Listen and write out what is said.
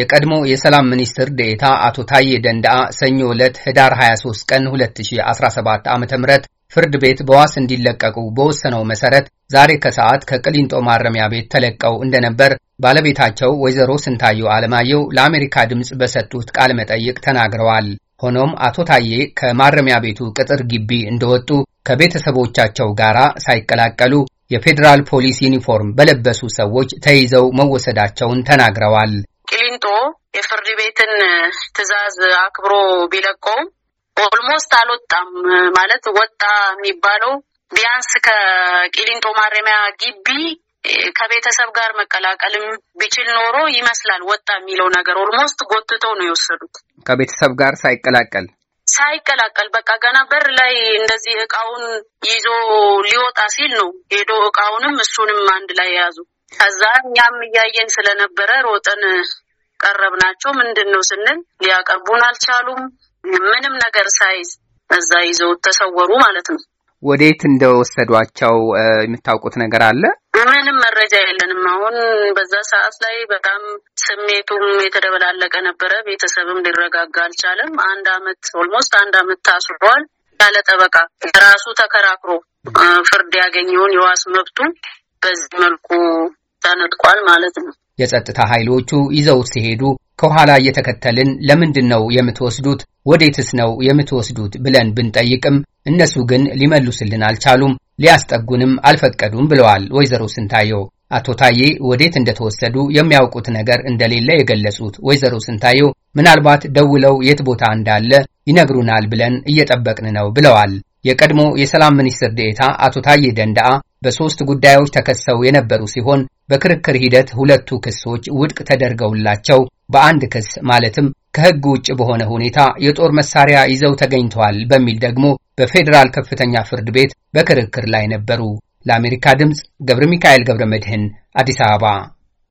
የቀድሞ የሰላም ሚኒስትር ዴኤታ አቶ ታዬ ደንዳአ ሰኞ ዕለት ህዳር 23 ቀን 2017 ዓ ም ፍርድ ቤት በዋስ እንዲለቀቁ በወሰነው መሰረት ዛሬ ከሰዓት ከቅሊንጦ ማረሚያ ቤት ተለቀው እንደነበር ባለቤታቸው ወይዘሮ ስንታየው አለማየሁ ለአሜሪካ ድምፅ በሰጡት ቃለ መጠይቅ ተናግረዋል። ሆኖም አቶ ታዬ ከማረሚያ ቤቱ ቅጥር ግቢ እንደወጡ ከቤተሰቦቻቸው ጋር ሳይቀላቀሉ የፌዴራል ፖሊስ ዩኒፎርም በለበሱ ሰዎች ተይዘው መወሰዳቸውን ተናግረዋል። ተቀምጦ የፍርድ ቤትን ትዕዛዝ አክብሮ ቢለቀውም ኦልሞስት አልወጣም ማለት ወጣ የሚባለው ቢያንስ ከቂሊንጦ ማረሚያ ግቢ ከቤተሰብ ጋር መቀላቀልም ቢችል ኖሮ ይመስላል ወጣ የሚለው ነገር ኦልሞስት ጎትተው ነው የወሰዱት። ከቤተሰብ ጋር ሳይቀላቀል ሳይቀላቀል በቃ ገና በር ላይ እንደዚህ እቃውን ይዞ ሊወጣ ሲል ነው ሄዶ እቃውንም እሱንም አንድ ላይ የያዙ። ከዛ እኛም እያየን ስለነበረ ሮጠን ቀረብናቸው። ምንድን ነው ስንል ሊያቀርቡን አልቻሉም። ምንም ነገር ሳይዝ እዛ ይዘው ተሰወሩ ማለት ነው። ወዴት እንደወሰዷቸው የምታውቁት ነገር አለ? ምንም መረጃ የለንም። አሁን በዛ ሰዓት ላይ በጣም ስሜቱም የተደበላለቀ ነበረ። ቤተሰብም ሊረጋጋ አልቻለም። አንድ አመት ኦልሞስት አንድ አመት ታስሯል ያለ ጠበቃ ራሱ ተከራክሮ ፍርድ ያገኘውን የዋስ መብቱ በዚህ መልኩ ተነጥቋል ማለት ነው። የጸጥታ ኃይሎቹ ይዘውት ሲሄዱ ከኋላ እየተከተልን ለምንድን ነው የምትወስዱት? ወዴትስ ነው የምትወስዱት? ብለን ብንጠይቅም እነሱ ግን ሊመልሱልን አልቻሉም፣ ሊያስጠጉንም አልፈቀዱም ብለዋል ወይዘሮ ስንታየው። አቶ ታዬ ወዴት እንደተወሰዱ የሚያውቁት ነገር እንደሌለ የገለጹት ወይዘሮ ስንታየው ምናልባት ደውለው የት ቦታ እንዳለ ይነግሩናል ብለን እየጠበቅን ነው ብለዋል። የቀድሞ የሰላም ሚኒስትር ዴኤታ አቶ ታዬ ደንዳአ በሦስት ጉዳዮች ተከሰው የነበሩ ሲሆን በክርክር ሂደት ሁለቱ ክሶች ውድቅ ተደርገውላቸው በአንድ ክስ ማለትም ከሕግ ውጭ በሆነ ሁኔታ የጦር መሳሪያ ይዘው ተገኝተዋል በሚል ደግሞ በፌዴራል ከፍተኛ ፍርድ ቤት በክርክር ላይ ነበሩ። ለአሜሪካ ድምፅ ገብረ ሚካኤል ገብረ መድህን አዲስ አበባ